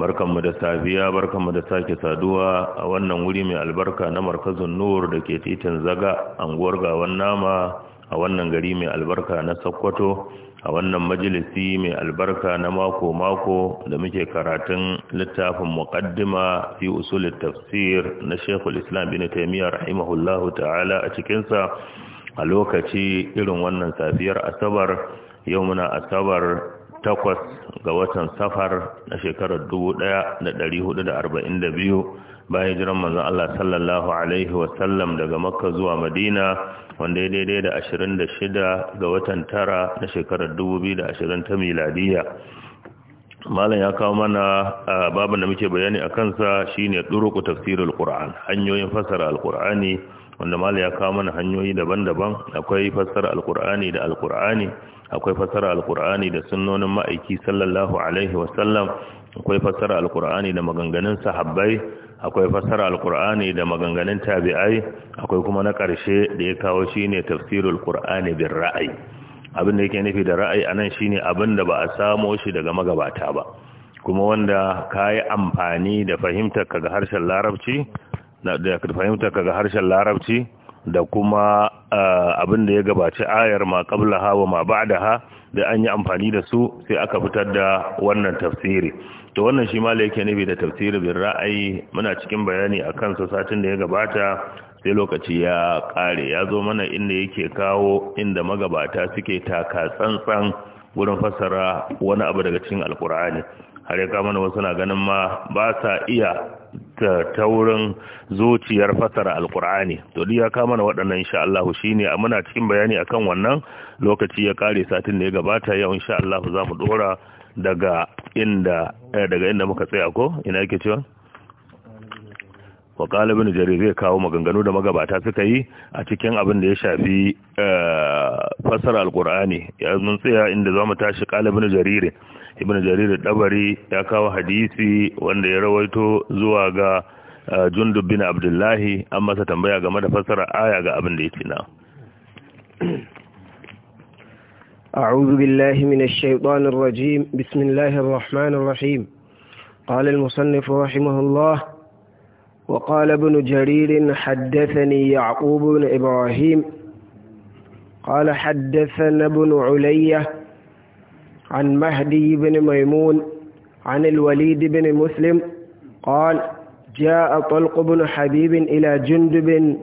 barkan mu da safiya barkan mu da sake saduwa a wannan wuri mai albarka na markazin nur da ke titin zaga anguwar gawan nama a wannan gari mai albarka na sokoto a wannan majalisi mai albarka na mako-mako da muke karatun littafin muqaddima fi usulit tafsir na shekul islam bin taimiyya rahimahullahu ta'ala a cikinsa a lokaci irin wannan safiyar asabar yau muna asabar takwas ga watan safar na shekarar dubu ɗaya da ɗari da arba'in da biyu, bayan jiran manzon Allah sallallahu alaihi wasallam daga makka zuwa madina wanda ya daidai da ashirin da shida ga watan tara na shekarar dubu biyu da ashirin ta miladiya malam ya kawo mana babin da muke bayani a kansa shine ɗuruku tafsirul qur'an hanyoyin fasara alqur'ani wanda mala ya kawo mana hanyoyi daban-daban akwai fassara alkur'ani da alkur'ani akwai fassara alkur'ani da sunnonin ma'aiki sallallahu alaihi wasallam akwai fassara alkur'ani da maganganun sahabbai akwai fassara alkur'ani da maganganun tabi'ai akwai kuma na ƙarshe da ya kawo shine tafsirul qur'ani bin ra'ayi abin da yake nufi da ra'ayi anan shine abin da ba a samo shi daga magabata ba kuma wanda ka yi amfani da fahimtar ka ga harshen larabci da ka fahimta kaga harshen larabci da kuma ah, abin da ya gabaci ayar ma qablaha wa ma ba'daha da an yi amfani da su sai aka fitar da wannan tafsiri to wannan shi ma yake nufi da tafsiri bin ra'ayi muna cikin bayani akan sa satin da ya gabata sai lokaci ya kare ya zo mana inda yake kawo inda magabata suke taka tsantsan wurin fassara wani abu daga cikin alkur'ani har ya kama mana wasu na ganin ma ba sa iya ta taurin zuciyar fasara alkur'ani to ya kama na waɗannan insha Allah shine muna cikin bayani akan wannan lokaci ya kare satin da ya gabata yau insha Allah za mu dora daga inda eh, daga inda muka tsaya ko ina yake cewa wa ƙalibin jari zai kawo maganganu da magabata suka yi a cikin abin da ya shafi eh, fasara alkur'ani ya mun tsaya inda za mu tashi kalibin jariri ibn jarir dabari ya kawo hadisi wanda ya rawaito zuwa ga eh, jundub bin abdullahi an masa tambaya game da fasara aya ga abin da ya na أعوذ بالله من الشيطان الرجيم بسم الله الرحمن الرحيم قال المصنف رحمه الله وقال ابن جرير حدثني يعقوب بن إبراهيم قال حدثنا ابن علي عن مهدي بن ميمون عن الوليد بن مسلم قال جاء طلق بن حبيب إلى جندب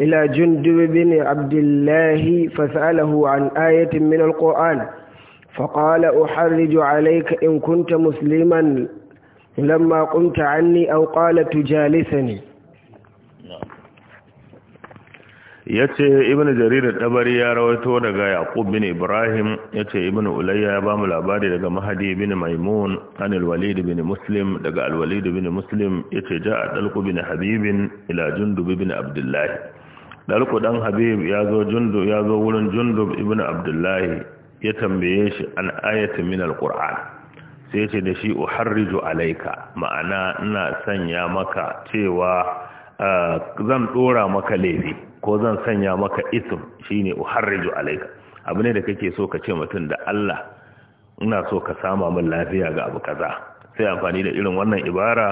إلى جندب بن عبد الله فسأله عن آية من القرآن فقال أحرج عليك إن كنت مسلما لما قمت عني أو قال تجالسني yace ibnu jarir dabari ya rawaito daga yaqub bin ibrahim yace ibnu ulayya ya bamu labari daga mahdi bin maimun an alwalid bin muslim daga alwalid bin muslim yace jaa dalqu bin habibin ila jundub bin abdullah dalqu dan habib ya zo jundub wurin jundub ibnu abdullah ya tambaye shi an ayatin min alquran sai ce da shi uharriju alaika ma'ana ina sanya maka cewa ah, zan dora maka laifi ko zan sanya maka isim shine uharriju alaika abu ne da kake so ka ce mutum da Allah ina so ka sama min lafiya ga abu kaza sai amfani da irin wannan ibara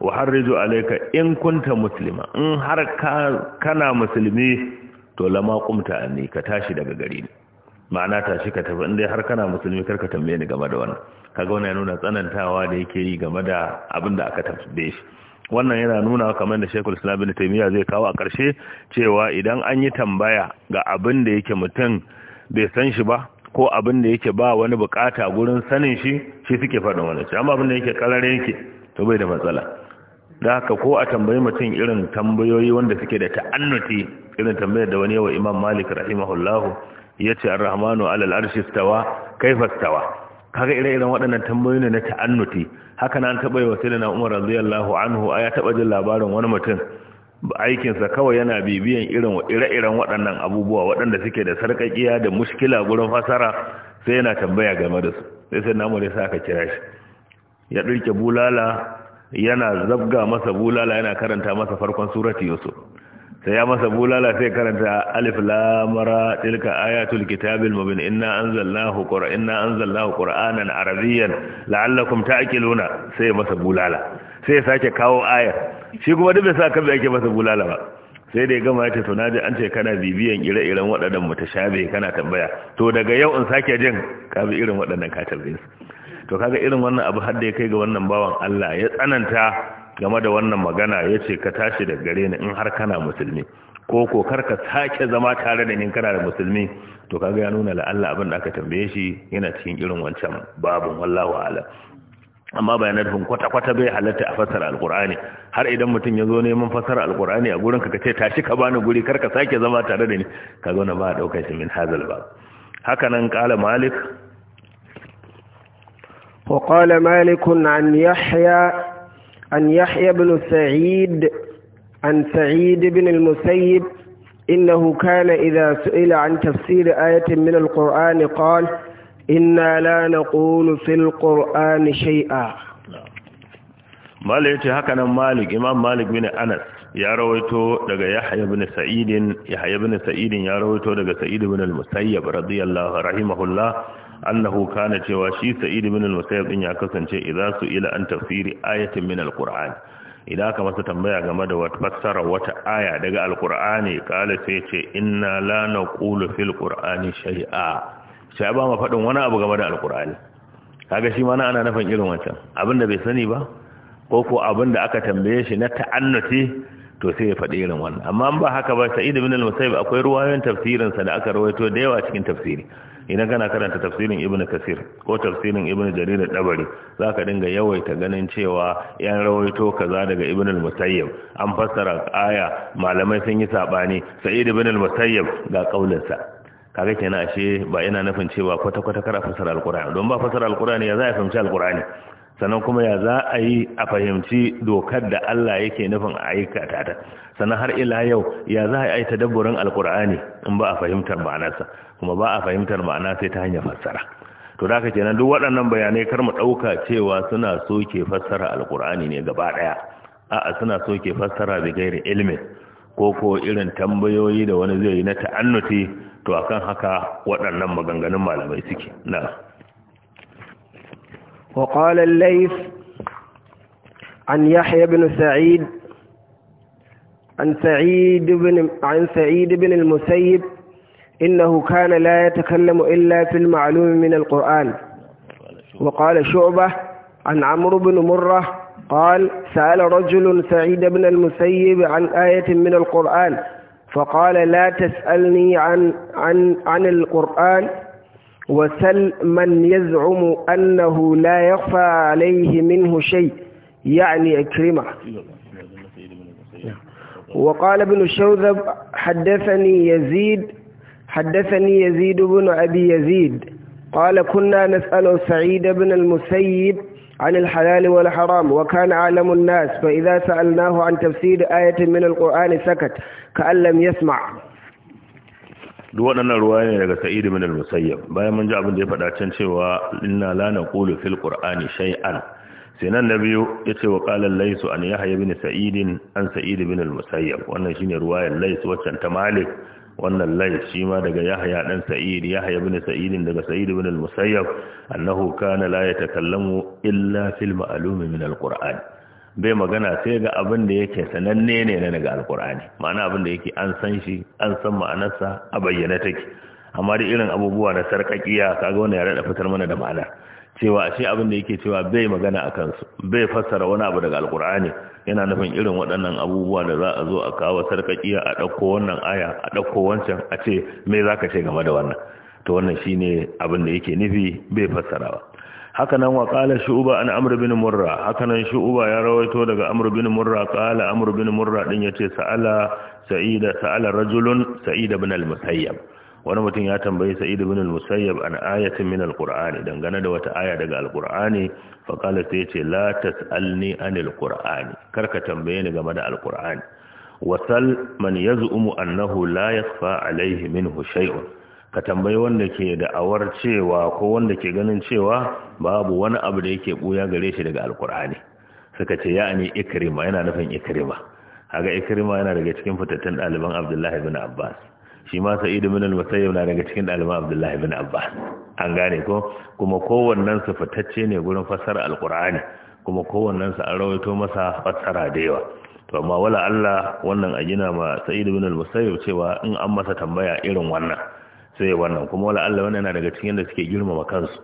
uharriju alaika in kunta muslima in har kana musulmi to lama kumta ne ka tashi daga gari ne ma'ana tashi ka tafi inda har kana musulmi karka tambaye ni game da wannan kaga wannan yana nuna tsanantawa da yake yi game da abin da aka tambaye shi wannan yana nuna kamar da Sheikhul Islam Ibn Taymiyyah zai kawo a ƙarshe cewa idan an yi tambaya ga abin da yake mutum bai san shi ba ko abin da yake ba wani bukata gurin sanin shi shi suke faɗin wani shi amma abin da yake kalare yake to bai da matsala da haka ko a tambayi mutum irin tambayoyi wanda suke da ta'annuti irin tambayar da wani yawa Imam Malik rahimahullahu yace an rahmanu alal arshi kai kaifa stawa kaga ire-iren waɗannan tambayoyin ne na ta'annuti haka nan taba yi wasila na umar radiyallahu anhu a ya taba jin labarin wani mutum sa kawai yana bibiyan irin ire-iren waɗannan abubuwa waɗanda suke da sarkakiya da mushkila gurin fasara sai yana tambaya game da su sai sai namu ne saka kira shi ya ɗirke bulala yana zabga masa bulala yana karanta masa farkon surati yusuf sai ya masa bulala sai karanta alif lamara tilka ayatul kitabil mubin inna anzalnahu qur'ana inna anzalnahu qur'anan arabiyyan la'allakum ta'qiluna sai masa bulala sai ya sake kawo ayar shi kuma duk da sa kabe yake masa bulala ba sai da ya gama ya ce to naji an ce kana bibiyan ire-iren waɗannan mutashabe kana tambaya to daga yau in sake jin ka bi irin waɗannan ka tambaye to kaga irin wannan abu har da ya kai ga wannan bawan Allah ya tsananta game da wannan magana ya ce ka tashi da gare ni in har kana musulmi ko ko kar ka sake zama tare da ni kana da musulmi to kaga ya nuna la'alla abin da aka tambaye shi yana cikin irin wancan babun wallahu a'lam amma bayanan hun kwata-kwata bai halatta a fasara alkur'ani har idan mutum ya zo neman fasara alkur'ani a gurin ka ce tashi ka bani guri kar ka sake zama tare da ni ka zo na a daukar shi min hazal ba haka nan kala malik وقال مالك عن يحيى عن يحيى بن سعيد عن سعيد بن المسيب إنه كان إذا سئل عن تفسير آية من القرآن قال إنا لا نقول في القرآن شيئا مالك هكذا مالك إمام مالك بن أنس ya rawaito daga Yahya ibn Sa'id Yahya ibn Sa'id ya rawaito daga Sa'id ibn al-Musayyab radiyallahu rahimahullah annahu kana cewa shi sa'id ibn al-musayyib din ya kasance idza ila an tafsiri ayatin min al-qur'an idan aka masa tambaya game da wata fassara wata aya daga al-qur'ani kala sai ce inna la naqulu fil qur'ani shay'a sai ba mu fadin wani abu game da al-qur'ani kaga shi ma na ana nafin irin wancan abinda bai sani ba ko ko abinda aka tambaye shi na ta'annuti to sai ya faɗi irin wannan amma ba haka ba sa'id ibn al-musayyib akwai ruwayoyin tafsirinsa da aka rawaito da yawa cikin tafsiri idan kana karanta tafsirin ibnu kasir ko tafsirin ibnu jarir dabari zaka dinga yawaita ganin cewa yan rawaito kaza daga ibnu al-musayyib an fassara aya malamai sun yi sabani sa'id Ibn al-musayyib ga kaulinsa kaga kenan ashe ba ina nufin cewa kwata kwata kara fasara qurani don ba fasara qurani ya za a fahimci al-qur'ani sannan kuma ya za a yi a fahimci dokar da Allah yake nufin a aikata ta sannan har ila yau ya za a yi daburin alkur'ani in ba a fahimtar ma'anarsa kuma ba a fahimtar ma'ana sai ta hanyar fassara to da ce kenan duk waɗannan bayanai kar mu ɗauka cewa suna soke fassara alkur'ani ne gaba ɗaya a'a suna soke fassara da gairi ilimin ko ko irin tambayoyi da wani zai yi na ta'annuti to akan haka waɗannan maganganun malamai suke na وقال الليث عن يحيى بن سعيد عن سعيد بن عن سعيد بن المسيب إنه كان لا يتكلم إلا في المعلوم من القرآن وقال شعبة عن عمرو بن مرة قال سأل رجل سعيد بن المسيب عن آية من القرآن فقال لا تسألني عن عن عن القرآن وسل من يزعم أنه لا يخفى عليه منه شيء يعني أكرمه وقال ابن شوذب حدثني يزيد حدثني يزيد بن أبي يزيد قال كنا نسأل سعيد بن المسيب عن الحلال والحرام وكان أعلم الناس فإذا سألناه عن تفسير آية من القرآن سكت كأن لم يسمع duk waɗannan ruwa ne daga sa'id ibn al-musayyab bayan mun ji abin da ya faɗa can cewa inna la naqulu fil qur'ani shay'an sai nan na biyu ce wa qala laysu an yahya ibn Sa'idin an Sa'idu ibn al-musayyab wannan shine ruwayar lays waccan ta malik wannan lai shi ma daga yahya dan sa'id yahya bin Sa'idin daga sa'id ibn al-musayyab annahu kana la yatakallamu illa fil ma'lum min al-qur'an bai magana sai ga abin da yake sananne ne na daga alkur'ani ma'ana abin da yake an san shi an san ma'anarsa a bayyana take amma da irin abubuwa na sarkakiya kaga wannan ya rada fitar mana da ma'ana cewa ashe abin da yake cewa bai magana a kansu bai fassara wani abu daga alkur'ani yana nufin irin waɗannan abubuwa da za a zo a kawo sarkakiya a ɗauko wannan aya a ɗauko wancan a ce me zaka ce game da wannan to wannan shine abin da yake nufi bai fassarawa hakanan wa qala shu'ba an amr bin murra hakanan shu'uba ya rawaito daga amr bin murra kala amr bin murra din yace sa'ala sa'ida sa'ala rajulun sa'id ibn al-musayyab wani mutum ya tambayi sa'id bin al-musayyab an ayatin min al-qur'ani dangane da wata aya daga al-qur'ani fa qala sai yace la tas'alni anil qur'ani karka tambaye ni game da al-qur'ani wasal man yaz'umu annahu la yakhfa alayhi minhu shay'un ka tambayi wanda ke da'awar cewa ko wanda ke ganin cewa babu wani abu da yake buya gare shi daga alkur'ani suka ce ya ne ikrima yana nufin ikrima haga ikrima yana daga cikin fitattun ɗaliban abdullahi bin abbas shi ma Sa'idu bin al-musayyib na daga cikin ɗaliban abdullahi bin abbas an gane ko kuma kowannen su fitacce ne gurin fassara alkur'ani kuma kowannen su an rawaito masa fassara da yawa to amma wala Allah wannan a gina ma Sa'idu bin al-musayyib cewa in an masa tambaya irin wannan sai wannan kuma wala Allah wannan yana daga cikin da suke girmama kansu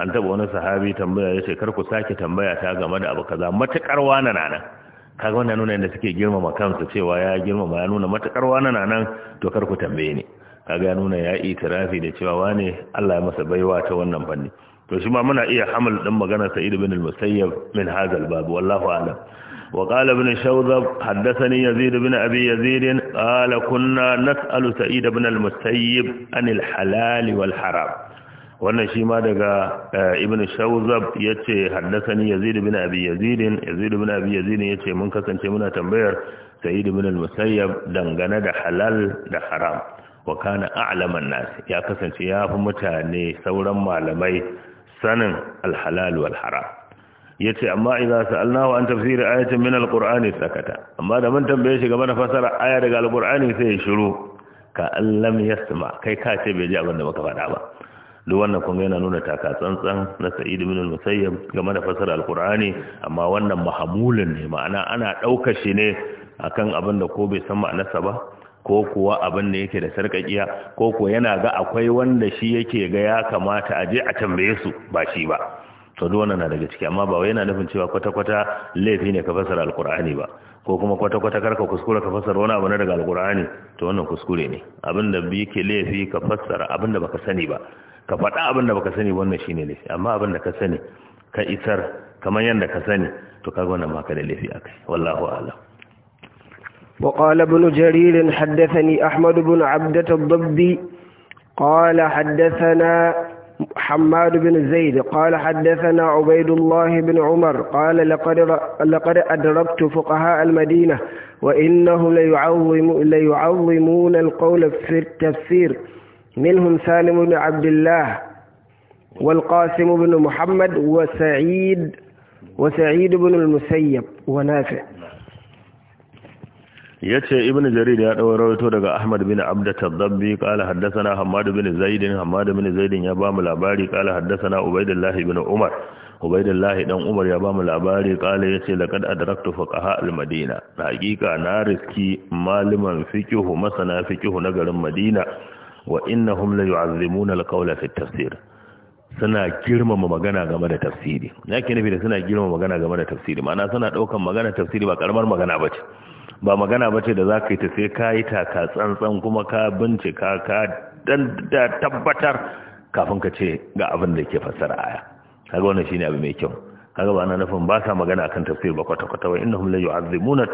an taba wani sahabi tambaya ya ce kar ku sake tambaya ta game da abu kaza matakar wani na nan kaga wannan nuna yadda suke girmama kansu cewa ya girmama ya nuna matakar wani na nan to kar ku tambaye ni kaga ya nuna ya itirafi da cewa wane Allah ya masa baiwa ta wannan fanni to shi ma muna iya hamal din magana Sa'id bin al-Musayyab min hadal babu wallahu a'lam وقال ابن شوذب حدثني يزيد بن أبي يزيد قال كنا نسأل سعيد بن المسيب عن الحلال والحرام wannan shi ma daga ibn shawzab ya ce haddasani yazid bin abi yazidin yazid bin abi yazidin ya ce mun kasance muna tambayar sa'id bin al-musayyab dangane da halal da haram wa kana a'laman nas ya kasance ya fi mutane sauran malamai sanin al-halal wal haram Ya ce amma idza sa'alnahu an tafsir ayatin min alqur'ani sakata amma da mun tambaye shi game da fasara aya daga alqur'ani sai ya shiru ka allam yasma kai ka ce bai ji abin da muka faɗa ba duk wannan kuma yana nuna taka tsantsan na sa'id ibn al game da fasara alqur'ani amma wannan mahamulin ne ma'ana ana ɗauka shi ne akan abin da ko bai san ma'anarsa ba ko kuwa abin da yake da sarkakiya ko kuwa yana ga akwai wanda shi yake ga ya kamata a je a tambaye su ba shi ba to duk wannan na daga ciki amma ba wai yana nufin cewa kwata-kwata laifi ne ka fasara alkur'ani ba ko kuma kwata-kwata karka kuskure ka fasara wani abu na daga alkur'ani to wannan kuskure ne abinda bi ke laifi ka fasara abinda baka sani ba ka faɗa abinda baka sani wannan shine laifi amma abinda ka sani ka isar kamar yadda ka sani to kaga wannan ma ka da laifi akai wallahu a'lam وقال ابن جرير حدثني أحمد بن عبدة الضبي قال حدثنا حماد بن زيد قال حدثنا عبيد الله بن عمر قال لقد, لقد أدركت فقهاء المدينة وإنهم ليعظم ليعظمون القول في التفسير منهم سالم بن عبد الله والقاسم بن محمد وسعيد وسعيد بن المسيب ونافع yace ibn jarir ya dawo rawaito daga ahmad bin abdat ad-dabbi qala haddathana hammad bin zaid hammad bin zaid ya bamu labari qala haddathana ubaidullah bin umar ubaidullah dan umar ya bamu labari qala yace laqad adraktu fuqaha al-madina haqiqa na riski maliman fiqhu masana fiqhu na garin madina wa innahum la yu'azzimuna al-qawla fi at-tafsir suna girmama magana game da tafsiri yake nufi da suna girmama magana game da tafsiri ma'ana suna daukan magana tafsiri ba karamar magana bace ba magana ba ce da za ka yi ta sai ka yi taka tsantsan kuma ka bincika ka da tabbatar kafin ka ce ga abin da ke fassara aya kaga wannan shine abu mai kyau kaga ba na nufin ba sa magana akan tafsir ba kwata kwata wa innahum la yu'azzimuna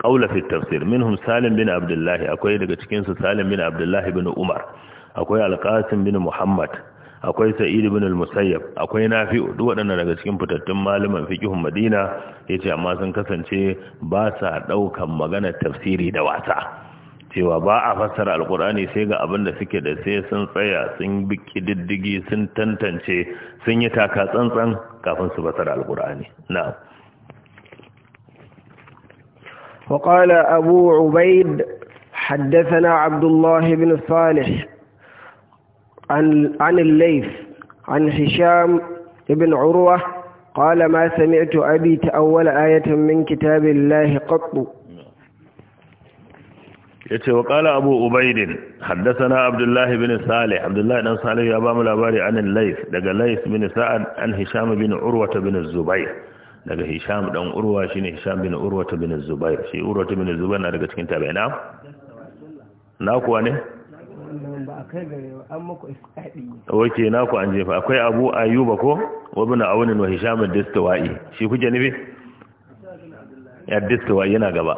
qawla fi tafsir minhum salim bin abdullah akwai daga cikin su salim bin abdullah bin umar akwai alqasim bin muhammad akwai sa'id ibn al-musayyab akwai nafi duk waɗannan daga cikin fitattun malaman fiqhun madina yace amma sun kasance ba sa daukan magana tafsiri da wasa cewa ba a fassara alkur'ani sai ga abin da suke da sai sun tsaya sun bi diddigi sun tantance sun yi taka tsantsan kafin su fassara alkur'ani na'am وقال أبو عبيد حدثنا عبد الله بن صالح عن, عن الليث عن هشام بن عروة قال ما سمعت أبي تأول آية من كتاب الله قط yace wa qala abu ubaid haddathana abdullah ibn salih abdullah ibn salih ya ba mu labari an al-layth daga layth bin sa'ad an hisham bin urwa bin zubair daga hisham dan urwa shine hisham bin urwa bin zubair shi urwa bin zubair na daga cikin tabi'ina na kuwa ne ba a kai gare ba an muku oke na ku an jefa akwai Abu Ayyuba ko wabina aunin wa Hisham ad shi kuke nufi ya dastawai yana gaba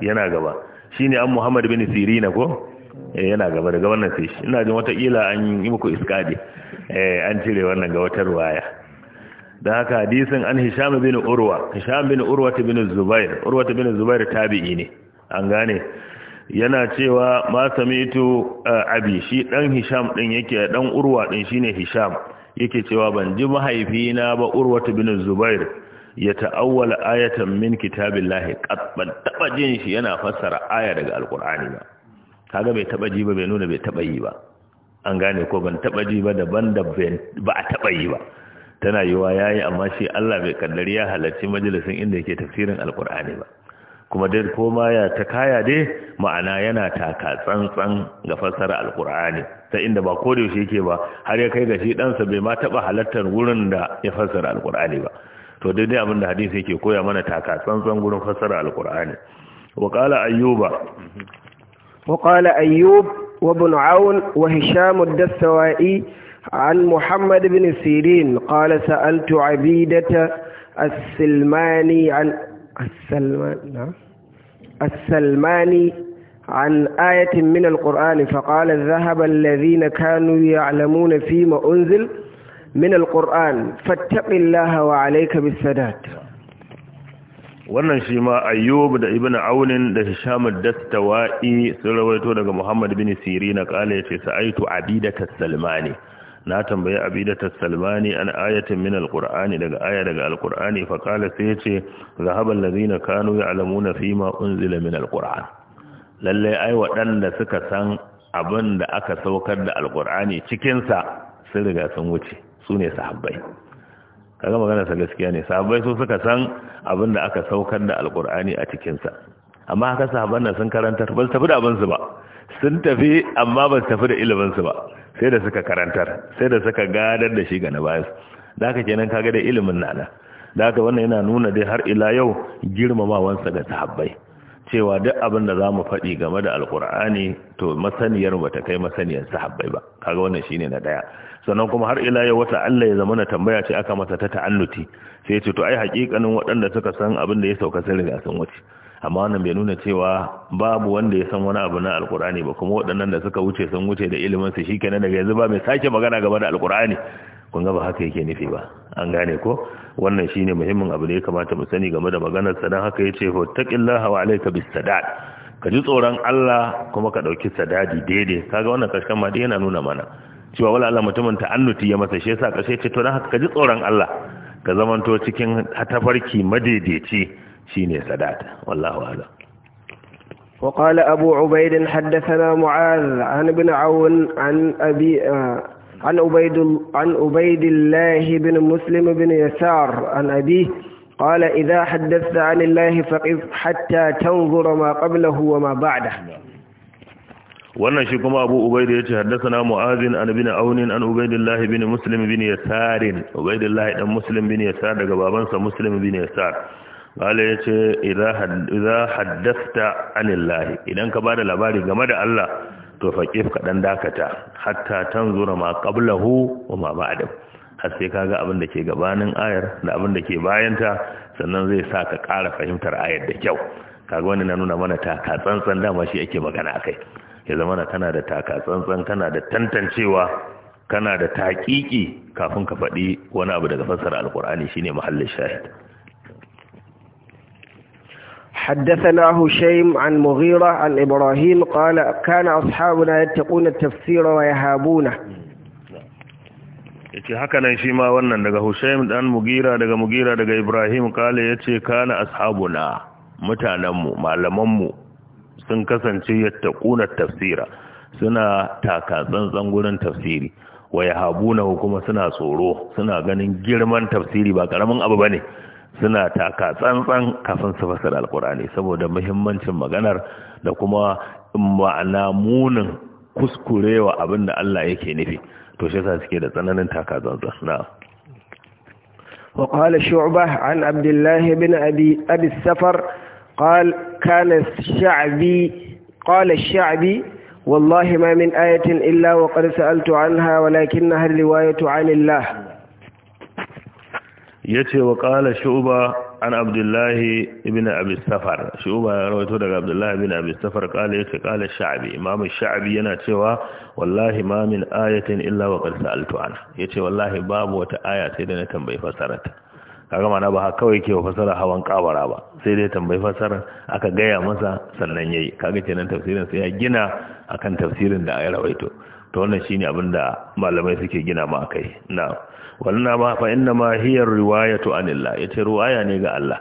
yana gaba shine an Muhammad bin Sirina ko eh, yana gaba daga wannan sai shi ina jin wata kila an yi muku isqadi eh an cire wannan ga wata ruwaya da haka hadisin an hisham bin urwa hisham bin urwa bin zubair urwa bin zubair tabi'i ne an gane yana cewa ma samitu abi shi dan hisham din yake dan urwa din shine hisham yake cewa ban ji mahaifina ba urwatu bin zubair ya ta'awwala ayatan min kitabillahi qad ban taba jin shi yana fassara aya daga alqur'ani ba kaga bai taba ji ba bai nuna bai taba yi ba an gane ko ban taba ji ba daban da ba a taba yi ba tana yiwa yayi amma shi Allah bai kaddari ya halarci majalisin inda yake tafsirin alqur'ani ba kuma dai koma ya ta kaya dai ma'ana yana taka tsantsan ga fassara alkur'ani ta inda ba ko da yaushe yake ba har ya kai ga shi ɗansa bai ma taɓa halartar wurin da ya fassara alkur'ani ba to dai dai abinda hadisi yake koya mana taka tsantsan gurin fassara alkur'ani wa qala ayyuba wa qala ayyub wa ibn aun wa hisham ad-dastawai عن محمد بن سيرين قال سألت عبيدة السلماني عن السلماني عن آية من القرآن فقال ذهب الذين كانوا يعلمون فيما أنزل من القرآن فاتق الله وعليك بالسداد wannan shi ma ayyub da ibn aunin da hisham ad-dastawa'i sun rawaito daga muhammad bin sirina kala ce, sa'aitu abidata salmani na tambayi abidatar salmani an ayatin min alkur'ani daga aya daga alkur'ani kala sai ce zahabar lazina kanu ya'lamuna fima fi unzila min alkur'an lallai ai waɗanda suka san abin da aka saukar da alkur'ani cikinsa sun riga sun wuce su ne sahabbai kaga magana sa gaskiya ne sahabbai su suka san abin da aka saukar da alkur'ani a cikinsa amma haka sahabban nan sun karantar ba su tafi da abinsu ba sun tafi amma ba su tafi da iliminsu ba sai da suka karantar sai da suka gadar da shi ga na bayan da haka kenan kaga da ilimin nana da haka wannan yana nuna dai har ila yau girmamawansa ga sahabbai cewa duk abin da za mu faɗi game da alkur'ani to masaniyar bata kai masaniyar sahabbai ba kaga wannan shine na daya sannan kuma har ila yau wata Allah ya zama na tambaya ce aka masa ta ta'annuti sai ce to ai hakikanin waɗanda suka san abin da ya sauka sun riga sun wuce amma wannan bai nuna cewa babu wanda ya san wani abu na alkur'ani ba kuma waɗannan da suka wuce sun wuce da ilimin su shikenan daga yanzu ba mai sake magana game da alkur'ani kun ga ba haka yake nufi ba an gane ko wannan shine muhimmin abu da ya kamata mu sani game da maganar sa dan haka yace taqillaha wa alayka bisadad ka ji tsoron Allah kuma ka dauki sadadi daidai kaga wannan kaskan ma dai yana nuna mana cewa wala Allah mutumin ta'annuti ya masa shi yasa kashe ce to dan haka ka ji tsoron Allah ka zamanto cikin hatafarki madaidaici shine sadat wallahu a'lam وقال أبو عبيد حدثنا معاذ عن ابن عون عن أبي عن عبيد عن عبيد الله بن مسلم بن يسار عن أبيه قال إذا حدثت عن الله فقف حتى تنظر ما قبله وما بعده wannan shi kuma abu ubaidu ya ce haddasa mu'azin an bin aunin an ubaidullahi bin muslim bin yasarin ubaidullahi dan muslim bin yasar daga babansa muslim bin yasar Bala ya ce, za haddasta anillahi, idan ka ba da labari game da Allah, to faƙif kaɗan dakata, hatta tan zura ma ƙablahu wa ma ba'adam." Har sai ka ga abin da ke gabanin ayar da abin da ke bayanta, sannan zai sa ka ƙara fahimtar ayar da kyau. Kaga wani na nuna mana taka tsantsan dama shi ake magana a kai. Ya zama na kana da taka tsantsan, kana da tantancewa, kana da taƙiƙi kafin ka faɗi wani abu daga fassara alƙur'ani shine muhallin shahid. حدثنا هشيم عن مغيرة عن إبراهيم قال كان أصحابنا يتقون التفسير ويهابونه yace haka nan shi ma wannan daga Hussein dan Mugira daga Mugira daga Ibrahim kale yace kana ashabuna mutanenmu malamanmu sun kasance yattaquna tafsira suna taka tsantsan gurin tafsiri wa yahabuna kuma suna tsoro suna ganin girman tafsiri ba karamin abu bane suna taka tsantsan kafin su fassara alkurani saboda muhimmancin maganar da kuma ma'ana munin kuskurewa abinda da Allah yake nufi to sa suke da tsananin taka tsantsan na wa qala shu'ba an abdullah ibn abi abi safar qal kana sha'bi qala sha'bi wallahi ma min ayatin illa wa qad sa'altu anha walakinna riwayatu 'an yace wa qala shu'ba an abdullahi ibn abi shu'ba ya rawaito daga abdullahi ibn abi safar qala yace qala sha'bi imam sha'bi yana cewa wallahi ma min ayatin illa wa qad sa'altu ya yace wallahi babu wata aya sai da na tambayi fasararta kaga mana ba kawai ke fasara hawan kabara ba sai dai tambayi fasara aka gaya masa sannan yayi kaga kenan tafsirin sai ya gina akan tafsirin da ya rawaito to wannan shine abinda malamai suke gina ma akai na'am wannan ba fa inna ma hiya riwayatu anillah yace riwaya ne ga Allah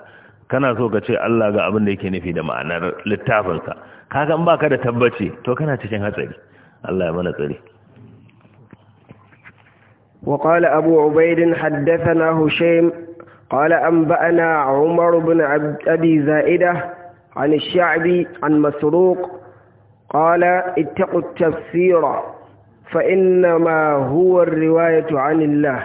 kana so ka ce Allah ga abin da yake nufi da ma'anar littafin sa kaga in baka da tabbaci to kana cikin hatsari Allah ya mana tsari وقال أبو عبيد حدثنا هشيم قال أنبأنا عمر بن عبد أبي زائدة عن الشعبي عن مسروق قال اتقوا التفسير فإنما هو الرواية عن الله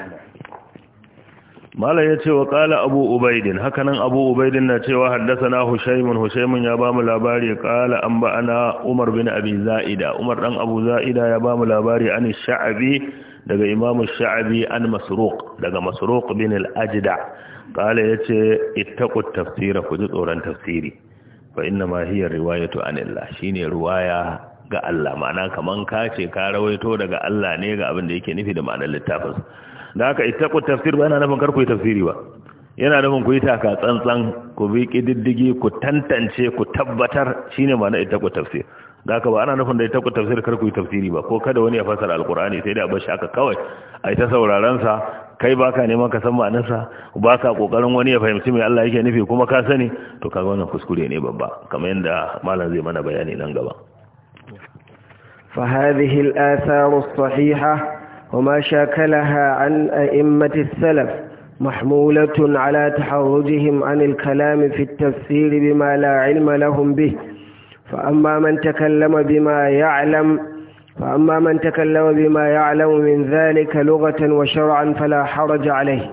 malam ya ce wa kala abu ubaidin hakanan abu ubaidin na cewa haddasa na hushaimun hushaimun ya ba mu labari qala an ba ana umar bin abi za'ida umar dan abu za'ida ya ba mu labari an sha'abi daga imam sha'abi an masruq daga masruq bin al-ajda ya yace ittaqu tafsira ku ji tsoron tafsiri fa inna ma hiya riwayatu shi shine riwaya ga Allah ma'ana kaman ka ce ka rawaito daga Allah ne ga abin da yake nufi da ma'anar littafin da haka ku tafsir ba yana nufin kar ku yi tafsiri ba yana nufin ku yi taka tsantsan ku bi kididdigi ku tantance ku tabbatar shine ita ku tafsir da haka ba ana nufin da ku tafsir kar ku yi tafsiri ba ko kada wani ya al alqur'ani sai da bashi aka kawai ai ta sauraron sa kai baka neman ka san sa baka kokarin wani ya fahimci me Allah yake nufi kuma ka sani to kaga wannan kuskure ne babba kamar yadda malam zai mana bayani nan gaba فهذه الآثار الصحيحة وما شاكلها عن أئمة السلف محمولة على تحرجهم عن الكلام في التفسير بما لا علم لهم به فأما من تكلم بما يعلم فأما من تكلم بما يعلم من ذلك لغة وشرعا فلا حرج عليه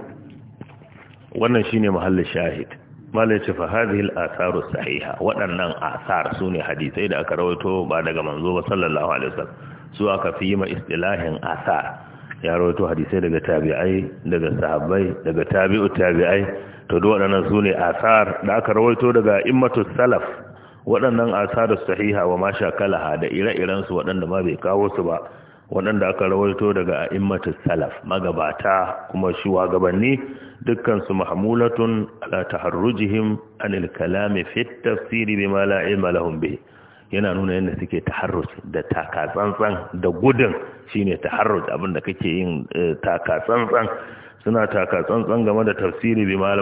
wannan shine mahallin shahid malai fa hadhihi al sahiha waɗannan asar sune hadisai da aka rawaito ba daga manzo ba sallallahu alaihi su aka fi ma istilahin asar. ya rawaito hadisai daga tabi'ai daga sahabbai daga tabi'u tabi'ai to duk waɗannan su asar da aka rawaito daga immatu salaf waɗannan asar sahiha wa masha kalaha da ire-iren su waɗanda ma bai kawo su ba waɗanda aka rawaito daga immatu salaf magabata kuma shugabanni dukkan su mahmulatun ala taharrujihim anil kalami fit tafsiri bima la ilma lahum bihi yana nuna yadda suke harus da takatsantsan da gudun shine ta harus abinda kake yin eh, takatsantsan suna takatsantsan game da tafsiri bi ma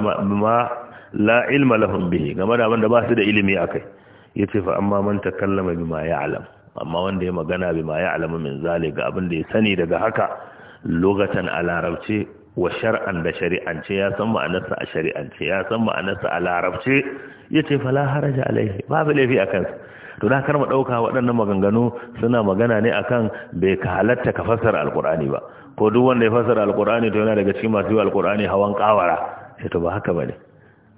la ilma lahum bihi game da abinda ba su da ilimi akai yace fa amma man takallama ma ya'lam amma wanda ya magana bi ma ya'lamu min zalika ga abinda ya sani daga haka lugatan a larabce wa shar'an da shari'ance ya san ma'anarsa a shari'ance ya san ma'anarsa a larabce yace la haraja alaihi babu laifi a sa to da kar dauka waɗannan maganganu suna magana ne akan bai ka halatta ka fassara alqur'ani ba ko duk wanda ya fassara alqur'ani to yana daga cikin masu yi alqur'ani hawan kawara sai eh to ba haka bane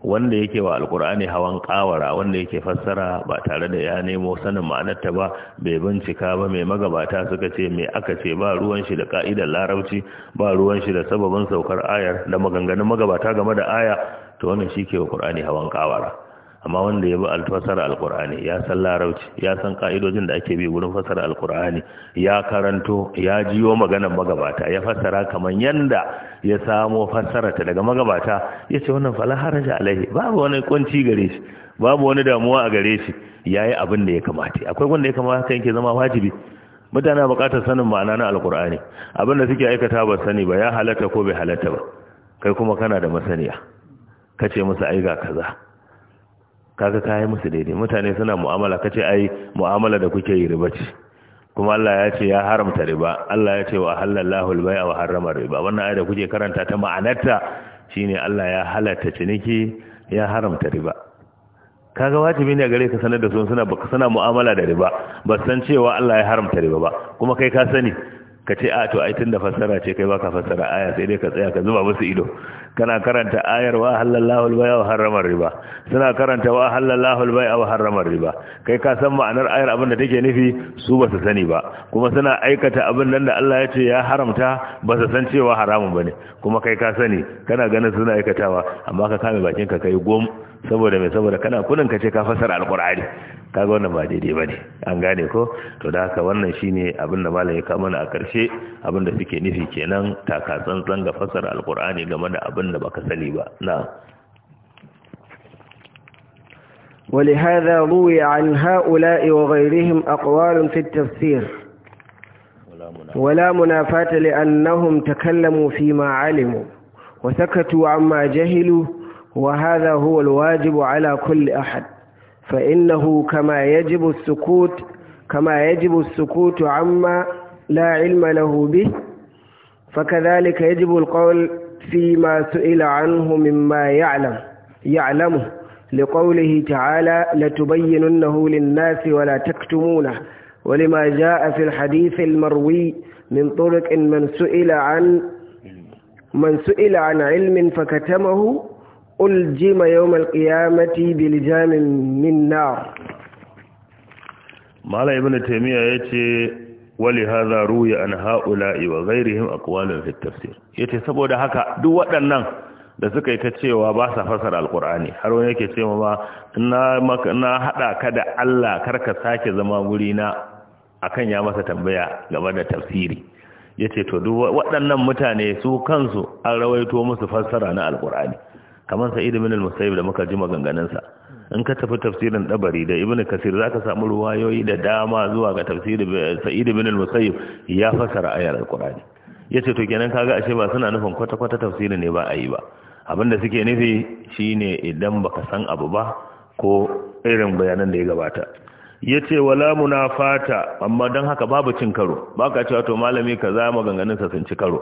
wanda yake wa alkur'ani hawan kawara wanda yake fassara ba tare da ya nemo sanin ma'anarta ba bai bincika ba mai magabata suka ce mai aka ce ba ruwan shi da ka'idar larabci ba ruwan shi da sababin saukar ayar da maganganun magabata game da aya to wannan shi ke wa alqur'ani hawan kawara amma wanda ya bi alfasar alkur'ani ya san larauci ya san ka'idojin da ake bi wurin fasara alkur'ani ya karanto ya jiyo maganar magabata ya fasara kamar yanda ya samo fassara daga magabata ya ce wannan fala shi alaihi babu wani kunci gare shi babu wani damuwa a gare shi yayi abin da ya kamata akwai wanda ya kamata yake zama wajibi mutane bukatar sanin ma'ana na alkur'ani abin da suke aikata ba sani ba ya halatta ko bai halatta ba kai kuma kana da masaniya kace musu aiga kaza kaga kayi musu daidai mutane suna mu'amala kace ai mu'amala da kuke yi riba ce kuma Allah ya ce ya haramta riba Allah ya ce wa halallahu al-bai'a wa harrama riba wannan ayar da kuke karanta ta ma'anarta shine Allah ya halatta ciniki ya haramta riba kaga wajibi ne gare ka sanar da su suna suna mu'amala da riba ba san cewa Allah ya haramta riba ba kuma kai ka sani ka ce a to ai tunda da fassara ce kai baka fassara aya sai dai ka tsaya ka zuba musu ido kana karanta ayar wa halallahu albaya wa harramar riba suna karanta wa halallahu albaya wa harramar riba kai ka san ma'anar ayar abin da take nufi su basu sani ba kuma suna aikata abin nan da Allah ya ce ya haramta ba su san cewa haramun bane kuma kai ka sani kana ganin suna aikatawa amma ka kame bakin ka kai gom saboda mai saboda kana kunin ka ce ka fasara alkur'ani kaga wannan ba daidai bane an gane ko to da haka wannan shine abin da malam ya kawo mana a karshe abin da suke nufi kenan taka tsantsan ga fasara alkur'ani game da abin da baka sani ba na ولهذا روي عن هؤلاء وغيرهم أقوال في التفسير ولا منافاة لأنهم تكلموا فيما علموا وسكتوا عما جهلوا وهذا هو الواجب على كل أحد فإنه كما يجب السكوت كما يجب السكوت عما لا علم له به فكذلك يجب القول فيما سئل عنه مما يعلم يعلمه لقوله تعالى لتبيننه للناس ولا تكتمونه ولما جاء في الحديث المروي من طرق من سئل عن من سئل عن علم فكتمه uljima yawmal qiyamati bil jamin min nar mala ibn taymiya yace wali hadha ruya an haula'i wa ghairihim aqwalun fi tafsir yace saboda haka duk waɗannan da suka yi ta cewa ba sa fasara alkur'ani har wani yake ce ma na haɗa ka da Allah karka sake zama gurina akan ya masa tambaya game da tafsiri ya ce to duk waɗannan mutane su kansu an rawaito musu fassara na alkur'ani kamar sa ibn al-musayyib da muka ji maganganun in ka tafi tafsirin dabari da ibn kasir ka samu ruwayoyi da dama zuwa ga tafsirin sa'id ibn al-musayyib ya fasara ayar al-qur'ani yace to kenan kaga ashe ba suna nufin kwata kwata tafsiri ne ba ayi ba abinda suke nufi shine idan baka san abu ba ko irin bayanan da ya gabata yace wala munafata amma dan haka babu cin karo baka cewa to malami kaza maganganun sa sun ci karo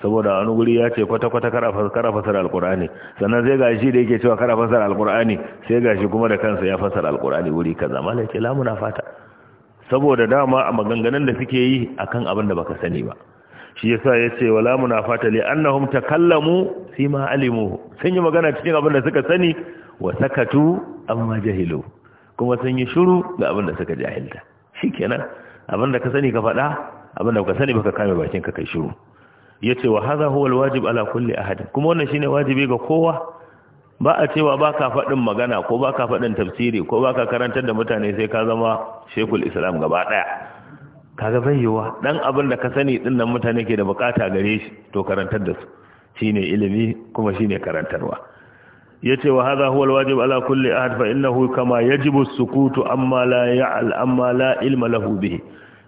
saboda wani guri ya ce kwata-kwata kara fasar alkur'ani sannan sai gashi da yake cewa kara fasar alkur'ani sai gashi kuma da kansa ya fasar alkur'ani wuri Ka zama ce lamuna fata saboda dama a maganganun da suke yi a kan abin da baka sani ba shi ya sa ya ce wa lamuna fata li humta kallamu si ma alimu sun yi magana cikin abin da suka sani wa sakatu amma jahilu kuma sun yi shuru ga abin da suka jahilta shikenan abin da ka sani ka faɗa abin da ka sani baka kame bakin ka kai shuru. yace wa haza huwal wajib ala kulli ahad kuma wannan shine wajibi ga kowa ba a cewa baka faɗin magana ko ka faɗin tafsiri ko ka karantar da mutane sai ka zama shekul islam gaba daya ga bai yiwa dan abin da ka sani din nan mutane ke da bukata gare shi to karantar da su shine ilimi kuma shine karantarwa yace wa hadha huwa alwajib ala kulli ahad fa innahu kama yajibu sukutu amma la ya'al amma la ilma lahu bihi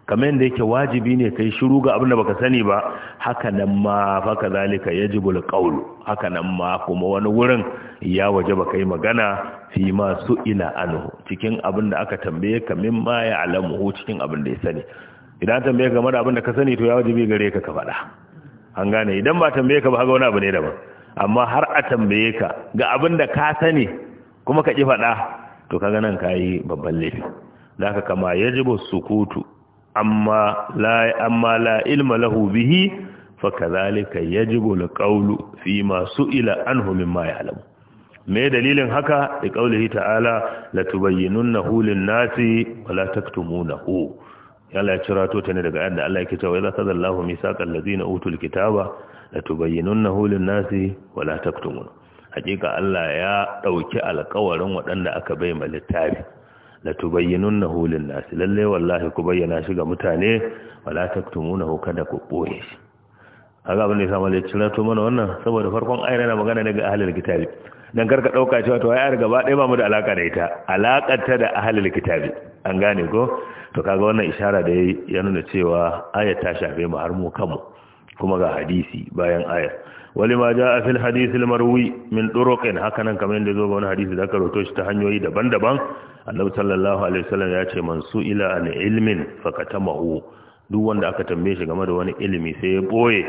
kamar yadda yake wajibi ne kai shiru ga abin da baka sani ba haka nan ma faka zalika yajibu qawl haka nan ma kuma wani wurin ya waje baka yi magana fi ma ila anhu cikin abin da aka tambaye ka min ma ya alamu cikin abin da ya sani idan tambaye ka da abin da ka sani to ya wajibi gare ka ka faɗa an gane idan ba tambaye ka ba ga wani abu ne daban amma har a tambaye ka ga abin da ka sani kuma ka ki faɗa to kaga nan kayi babban laifi da haka kama yajibu sukutu amma la amma la ilma lahu bihi fa kadhalika yajibu alqawlu fi ma su'ila anhu mimma ya'lamu me dalilin haka da kaulihi ta'ala la tubayyinunahu lin-nasi wa la taktumunahu Allah ya cira to ne daga yadda Allah yake cewa idza kadallahu misaqal ladina utul kitaba la tubayyinunahu lin-nasi wa la hakika Allah ya ɗauki alkawarin waɗanda aka bai ma littafi la tubayyinunahu lin nas lalle wallahi ku bayyana shi ga mutane wala taktumunahu kada ku boye shi kaga abin da yasa malai cirato mana wannan saboda farkon ayar yana magana daga ahlul kitabi dan karka dauka cewa to ayar gaba ɗaya ba mu da alaka da ita alakar ta da ahlul kitabi an gane ko to kaga wannan ishara da ya nuna cewa ayar ta shafe mu har mu kanmu kuma ga hadisi bayan ayar wali ma ja'a fil hadisi al marwi min turuqin hakanan kamar inda zo ga wani hadisi da aka roto shi ta hanyoyi daban-daban annabi sallallahu alaihi wasallam ya ce man su'ila an ilmin fakatamahu duk wanda aka tambaye shi game da wani ilimi sai ya boye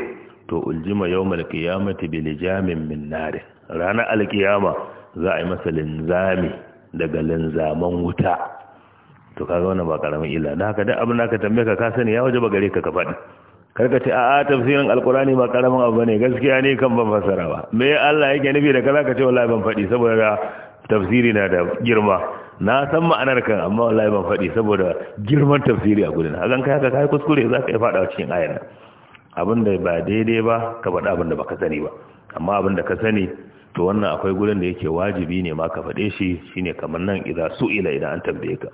to uljima yawmal qiyamati bi lijamin min nar ranar alkiyama za a yi masa linzami daga linzaman wuta to kaga wannan ba karamin illa da haka duk abin da aka tambaye ka ka sani ya waje ba gare ka ka faɗi karka ce a'a tafsirin alkurani ba karamin abu bane gaskiya ne kan ban fasara ba me Allah yake nufi da kaza ka ce wallahi ban faɗi saboda tafsiri na da girma na san ma'anar kan amma wallahi ban faɗi saboda girman tafsiri a gudun hazan kai haka kai kuskure za ka yi faɗa cikin ayar abin da ba daidai ba ka faɗa abin da baka sani ba amma abin da ka sani to wannan akwai gurin da yake wajibi ne ma ka faɗe shi shine kamar nan idza su'ila idan an tambaye ka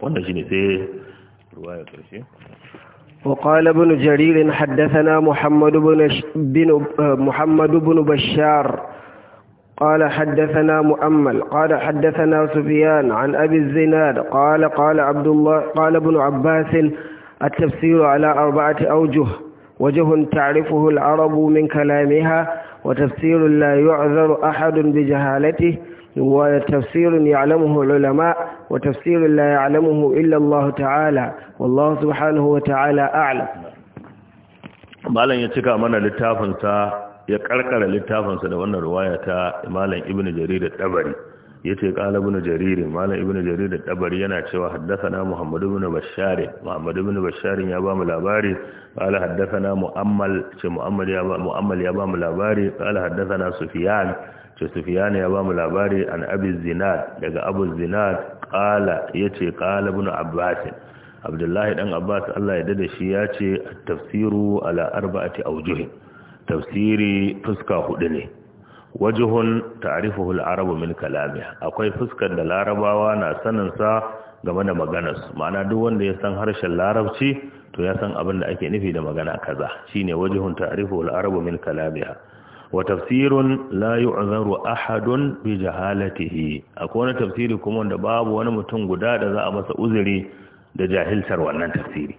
wannan shine sai ruwaya karshe وقال ابن جرير حدثنا محمد بن ش... بن محمد بن بشار قال حدثنا مؤمل قال حدثنا سفيان عن أبي الزناد قال قال عبد الله قال ابن عباس التفسير على أربعة أوجه وجه تعرفه العرب من كلامها وتفسير لا يعذر أحد بجهالته وتفسير يعلمه العلماء وتفسير لا يعلمه إلا الله تعالى والله سبحانه وتعالى أعلم malam ya cika mana littafinsa ya karkara littafinsa da wannan ruwaya ta malam ibn jarir al-tabari yace qala ibn jarir malam ibn jarir al-tabari yana cewa haddathana muhammad ibn bashar muhammad ibn bashar ya ba mu labari qala haddathana muammal ce muammal ya ba muammal ya ba mu labari qala haddathana sufyan ce sufyan ya ba mu labari an abi zinad daga abu zinad qala yace qala ibn abbas abdullahi dan abbas Allah ya dade shi yace at-tafsiru ala arba'ati awjuhin tafsiri fuska hudu ne wajihun ta'rifuhu al-arabu min kalamiha akwai fuskar da larabawa na sanin sa game da maganar ma'ana duk wanda ya san harshen larabci to ya san abin da ake nufi da magana kaza shine wajihun ta'rifuhu al-arabu min kalamiha wa tafsirun la yu'zaru ahadun bi jahalatihi akwai wani tafsiri kuma wanda babu wani mutum guda da za a masa uzuri da jahiltar wannan tafsiri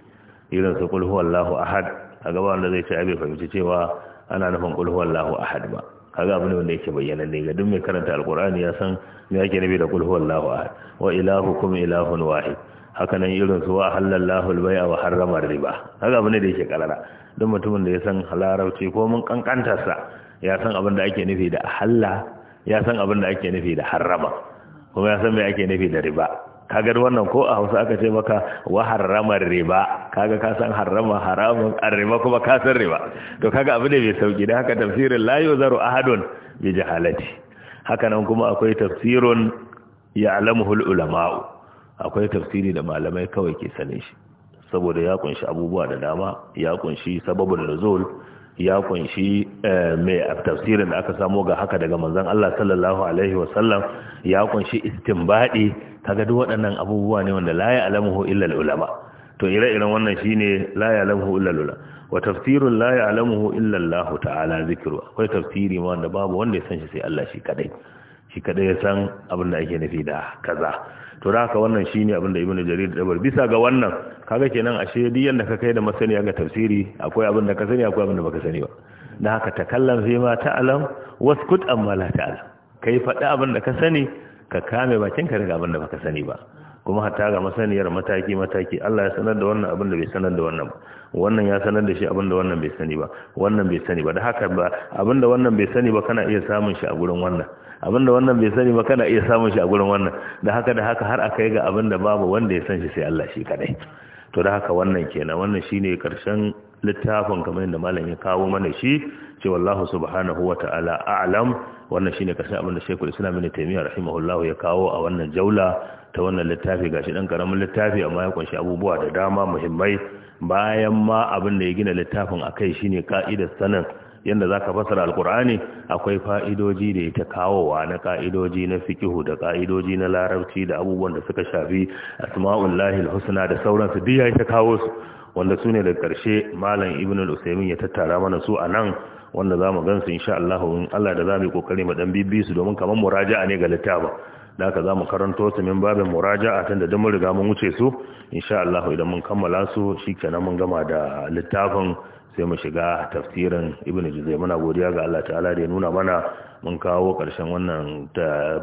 irin su qul huwallahu ahad a gaba wanda zai ce abe fahimci cewa ana nufin qul huwallahu ahad ba kaga abin da yake bayyana ne ga duk mai karanta alqur'ani ya san me yake nufi da qul huwallahu ahad wa ilahukum ilahun wahid haka nan irin su wa halallahu albay'a wa harrama riba kaga abin da yake karara duk mutumin da ya san halarauci ko mun kankantarsa ya san abin da ake nufi da halla ya san abin da ake nufi da harrama kuma ya san me ake nufi da riba kagar wannan ko a hausa aka ce maka wa harramar riba kaga ka san harrama haramun riba kuma ka san riba to kaga abu ne mai sauki da haka tafsirin la yuzaru ahadun bi jahalati haka nan kuma akwai tafsirun ya'lamuhu ulama'u akwai tafsiri da malamai kawai ke sane shi saboda ya kunshi abubuwa da dama ya kunshi sababul nuzul ya kunshi eh, mai tafsirin da aka samo ga haka daga manzon Allah sallallahu alaihi wasallam ya kunshi istinbadi kaga duk waɗannan abubuwa ne wanda la ya'lamuhu illa al-ulama to ire-iren wannan shine la ya'lamuhu illa al-ulama wa tafsirun la ya'lamuhu illa Allah ta'ala zikru akwai tafsiri ma wanda babu wanda ya san shi sai Allah shi kadai shi kadai ya san abin da ake nufi da kaza to da haka wannan shine abin da Ibn Jarir da bisa ga wannan kaga kenan ashe duk yanda ka kai da masaniya ga tafsiri akwai abin da ka sani akwai abin da baka sani ba da haka takallam fi ma ta'lam waskut amma la ta'lam ka yi faɗi abin da ka sani ka kame ka daga abin da baka sani ba kuma hatta ga masaniyar mataki mataki Allah ya sanar da wannan abin da bai sanar da wannan ba wannan ya sanar da shi abin da wannan bai sani ba wannan bai sani ba da haka ba abin da wannan bai sani ba kana iya samun shi a gurin wannan abin da wannan bai sani ba kana iya samun shi a gurin wannan da haka da haka har kai ga abin da babu wanda ya san shi sai Allah shi kadai to da haka wannan kenan wannan shine karshen littafin kamar yadda malam ya kawo mana shi ce wallahu subhanahu wa ta'ala a'lam wannan shine karshen abin da Sheikhul Islam Ibn Taymiyyah rahimahullahu ya kawo a wannan jaula ta wannan littafi gashi dan karamin littafi amma ya kunshi abubuwa da dama muhimmai bayan ma abin da ya gina littafin akai shine ka'idar sanin yadda za ka fasara alkur'ani akwai fa'idoji da ita kawowa na ka'idoji na fikihu da ka'idoji na larabci da abubuwan da suka shafi asma'ul lahil husna da sauransu duk ya kawo su wanda su ne da ƙarshe malam ibn al ya tattara mana su a nan wanda za mu gansu insha Allah in Allah da za mu yi kokari mu dan bibbi su domin kamar muraja'a ne ga littafi da haka za mu karanto su min babin muraja'a tunda da duk mun riga mun wuce su insha Allah idan mun kammala su shikenan mun gama da littafin sai mu shiga tafsirin ibnu Juzay muna godiya ga Allah ta'ala da ya nuna mana mun kawo karshen wannan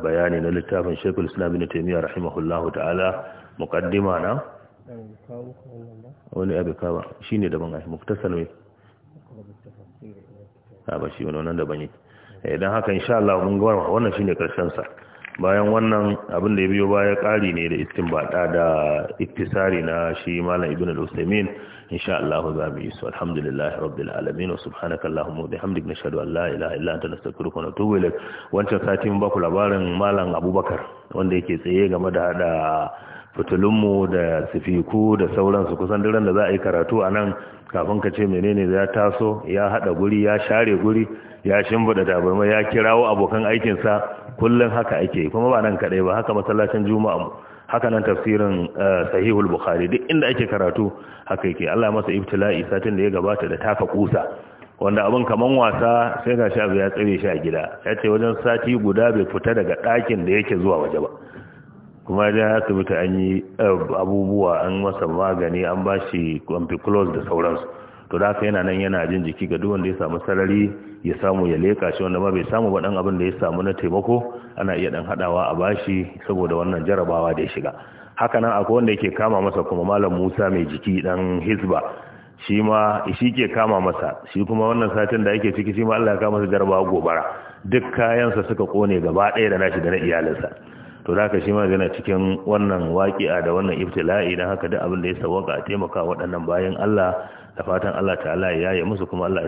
bayani na littafin Sheikhul Islam Ibn Taymiyyah rahimahullah ta'ala muqaddima na wani abu kawa shine daban ai muktasar ne a ba shi wani wannan daban idan eh, haka insha Allah mun ga wannan shine karshen sa bayan wannan abin da ya biyo baya ƙari ne da istinbada da ittisari na shi malam ibnu al-usaymin insha Allah za mu yi su alhamdulillah rabbil alamin wa subhanaka allahumma wa bihamdika nashhadu an la ilaha illa anta nastaghfiruka wa natubu ilaik wancan satin ba ku labarin malam Abubakar wanda yake tsaye game da hada fitulunmu da sifiku da sauransu kusan duran da za a yi karatu a nan kafin ka ce menene ya taso ya hada guri ya share guri ya shimfida tabarma ya kirawo abokan aikinsa kullum haka ake kuma ba nan kadai ba haka masallacin juma'a haka nan tafsirin eh, sahihul bukhari duk inda ake karatu haka yake Allah masa ibtila'i satin da ya gabata da taka kusa wanda abin kaman wasa sai ga abu ya tsare shi a gida yace wajen sati guda bai fita daga ɗakin da yake zuwa waje ba kuma ya asibiti an yi eh, abubuwa an masa magani an ba shi da sauransu to da haka yana nan yana jin jiki ga duk wanda ya samu sarari ya samu ya leka shi wanda ba bai samu ba dan abin da ya samu na taimako ana iya dan hadawa a bashi saboda wannan jarabawa da ya shiga haka nan akwai wanda yake kama masa kuma malam Musa mai jiki dan Hizba shi ma shi ke kama masa shi kuma wannan satin da yake ciki shi ma Allah ya kama masa jarabawa gobara duk kayansa suka kone gaba ɗaya da nashi da na iyalinsa to da haka shi ma yana cikin wannan waƙi'a da wannan ibtila'i dan haka duk abin da ya sawaka a taimaka waɗannan bayan Allah da fatan Allah ta'ala ya yi musu kuma Allah